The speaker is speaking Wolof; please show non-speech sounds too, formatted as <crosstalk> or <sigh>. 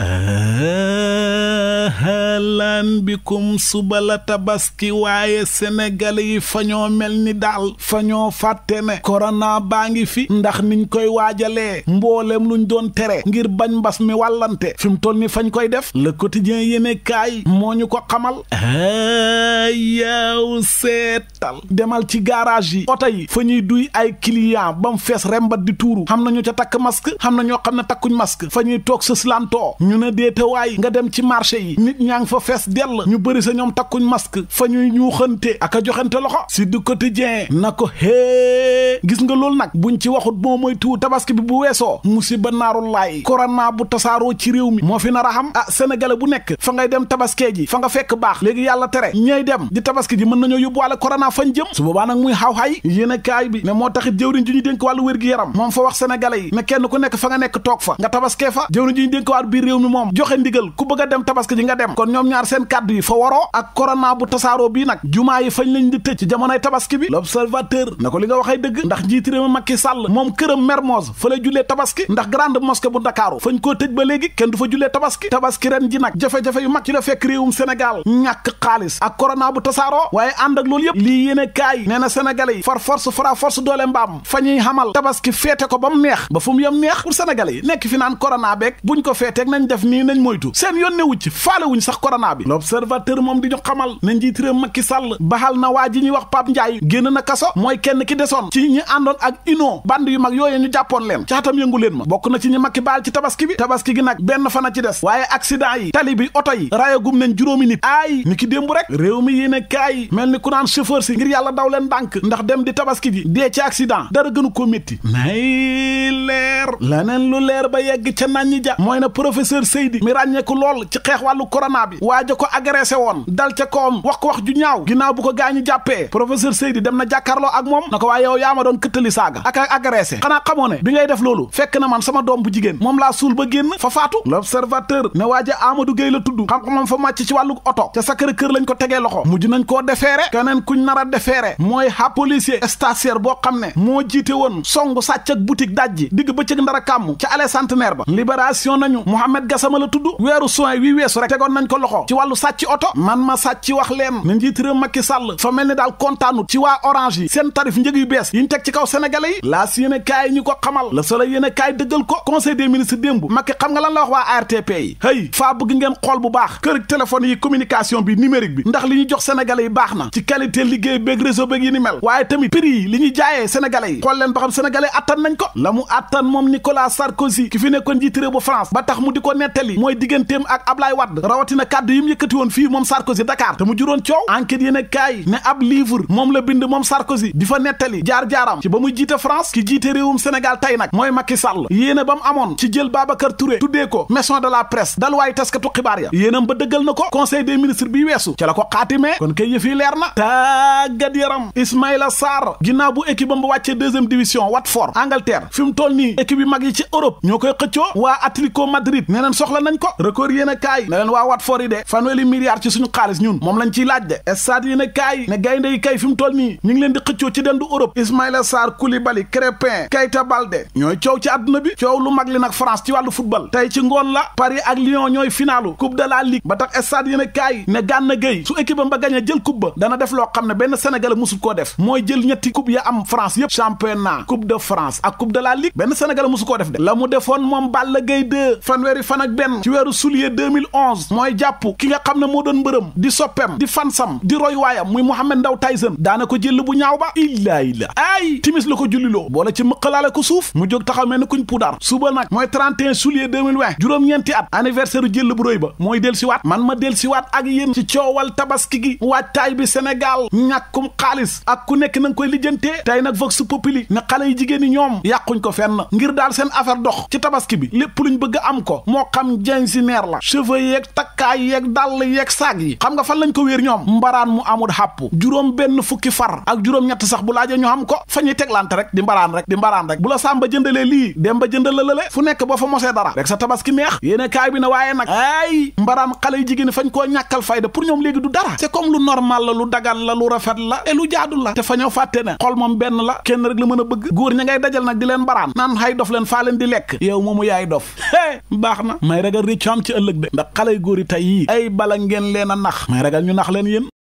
Uh-huh. ahlan bikum suba la tabaski waaye sénégalais yi fañoo mel ni daal fañoo fàtte ne korona baa ngi fi ndax niñ koy waajalee mbooleem luñ doon tere ngir bañ mbas mi wàllante fi mu toll ni fañ koy def le quotidien yéene kaay moo ñu ko xamal yaw seetal demal ci garage yi oto yi fa ñuy duy ay client ba mu fees rembat di tuuru xam na ñu ca takk masque xam na ñoo xam ne takkuñ masque fa ñuy toog sëslantoo ñu ne déetawaay nga dem ci marché yi nit ñaa fa fees dell ñu bëri sa ñoom takkuñ masque fa ñuy ñuuxante ak a joxante loxo si du quotidien na ko hee gis nga loolu nag buñ ci waxut boo mooy tuwu tabaski bi bu weesoo musiba naarul laay corona bu tasaaroo ci réew mi moo fi nar a xam ah bu nekk fa ngay dem tabaskee ji fa nga fekk baax léegi yàlla tere ñay dem di tabaski ji mën nañoo yóbbuwaale corona fañ jëm su boobaa nag muy xaw-xay yéen a kaay bi ne moo taxit jëwriñ ju ñu dénk wàllu wér-gi-yaram moom fa wax sénégalais yi ne kenn ku nekk fa nga nekk toog fa nga tabaskee fa jëwriñ ju ñu dénk wàllu biir réew mi moom joxe ndigal ku nga dem kon ñoom ñaar seen kàddu yi fa waroo ak corona bu tasaaroo bii nag jumaa yi fañ lañ di tëj ci bi l'observateur dëgg ndax njiiti réew mi Macky Sall moom këram Mermoz fa la jullee tabaski ndax grande mosquée bu Ndakaaru fañ koo tëj ba léegi kenn du fa jullee tabaski tabaski ren ji nag jafe-jafe yu mag ci la fekk réewum Sénégal ñàkk xaalis ak corona bu tasaaroo waaye ànd ak loolu yëpp lii yéene kaay nee na sénégalais yi far force fara force doole mbaam fa ñuy xamal tabaski feete ko ba mu neex ba fu mu yem neex pour sénégalais yi nekk fi naan corona beeg buñ ko feeteeg nañ def nii ñi àndoon ak uno band yu mag yooyu ñu jàppoon leen caatam yëngu leen ma bokk na ci ñi makki baal ci tabaski bi tabaski gi nag benn fana ci des waaye accident yi tali bi oto yi rayagum nañ juróomi nit aay ni ki démb rek réew mi yéene kaay mel ni ku naan chauffeur si ngir yàlla daw leen dànk ndax dem di tabaski ji dee ci accident dara gënu ko métti nay leer laneen lu leer ba yegg ca ñi ja mooy na professeur Seydi mi ràññeeku lool ci xeex wàllu corona bi waaja ko agressé woon dal ca koom wax ko wax ju ñaaw ginnaaw bu ko gaañu jàppee professeur Seydi dem na jàkkaarloo ak moom dama don keuteli saga ak ak agressé xanaa xamoo bi ngay def lolu fekk na man sama dom bu jigen mom la sul ba genn fa fatu l'observateur ne waja Amadou gey la tuddu xam mom fa màcc ci wàllu oto ca keur keur lañ ko tege loxo muju nañ ko defeere kenen kuñ nara a moy ha policier stagiaire bo xamne mo jité won songu sacc ak boutique dajji digg bëccëg ndara kàmm ca allée mer ba libération nañu mohammed Gassama la tuddu wéru soin wi weesu rek tegon nañ ko loxo ci walu sacc auto man ma sacc wax lem ne njiit réew Macky Sall fa melni dal contane ci wa orange yi tarif ñeug yu bees teg ci kaw sénégalais yi laas yéene kaay ñu ko xamal la solo yéene kaay dëggal ko conseil des ministres démb Macky xam nga lan la wax waa ARTP yi hëy faa bëgg ngeen xool bu baax kër téléphone yi communication bi numérique bi ndax li ñuy jox sénégalais yi baax na ci qualité liggéey beeg réseau beeg yi ni mel waaye tamit prix yi li ñuy jaayee sénégalais yi xool leen ba xam sénégalais attan nañ ko la mu attan moom Nicolas Sarkozy ki fi nekkoon njiit réew bu France ko nettali mooy digganteem ak Ablaye Wade rawatina kàddu yi mu yëkkati woon fii moom Sarkozy Dakar te yaakaaram ci ba muy jiite France ki jiite réewum Sénégal tey nag mooy Macky Sall yéene ba mu amoon ci jël Babacar Touré tuddee ko maison de la presse dal waaye taskatu xibaar ya yéenam ba dëggal na ko conseil des ministres bi weesu ca la ko xaatimee kon kay yëf leer na tàggat yaram Ismaïla Sarr ginnaaw bu équipe ba wàccee deuxième division Watford Angleterre fi mu toll nii équipe yi mag yi ci Europe ñoo koy xëccoo waa Atlético Madrid ne soxla nañ ko record a a Ismaïla Sarr Koulibaly Crépin Keita Baldé ñooy coow ci àdduna bi coow lu mag li nag France ci wàllu football tey ci ngoon la Paris ak Lyon ñooy finalu coupe de la ligue ba tax stade yéen a kaay ne Gana Gueye su équipe ba gagné jël coupe ba dana def loo ne benn Sénégalais musul koo def mooy jël ñetti coupe ya am France yépp championnat coupe de France ak coupe de la ligue benn Sénégalais musu koo def de la mu defoon moom Balla Gaye 2 fanweeri fan ak benn ci weeru juillet 2011 mooy jàpp ki xam ne moo doon mbërëm di soppem di fansam di roy waayam ay timis la ko julliloo boole ci mëqalaale ko suuf mu jóg taxaw mel ni kuñ puudar suba nag mooy 31 juillet 2020 juróom-ñeenti at anniversaire u jëll bu rëy ba mooy del siwaat man ma del siwaat ak yéen ci coowal tabaski gi waajtaay bi Sénégal ñàkkum xaalis ak ku nekk na koy lijjantee tey nag vox populi ne xale yi jigéen ñi ñoom yàquñ ko fenn ngir daal seen affaire dox ci tabaski bi lépp luñ bëgg am ko moo xam jen si neer la cheveux yeeg takkaay yeeg dàll yeeg saag yi xam nga fan lañ ko wéer ñoom mbaraan mu amul xàpp juróom benn fukki far ak juróom sax bu laajee ñu xam ko fa ñuy teglante rek di mbaraan rek di mbaraan rek bu la sàmba jëndalee lii dem ba jëndal la lële fu nekk boo fa mosee dara rek sa tabaski neex yéene kaay bi ne waaye nag ay mbaraan xale yu jigéen fañ koo ñàkkal fayda pour ñoom léegi du dara c'est comme lu normal la lu dagan la lu rafet la et lu jaadu la te fa ñoo fàtte ne xol moom benn la kenn rek la mën a bëgg góor ña ngay dajal nag di leen mbaraan naan hay dof leen faa leen di lekk yow moomu yaay dof <laughs> baax na may ragal réccu am ëllëg de ndax xale yu góor yi tey ay bala ngeen leen a nax may ragal ñu nax leen yéen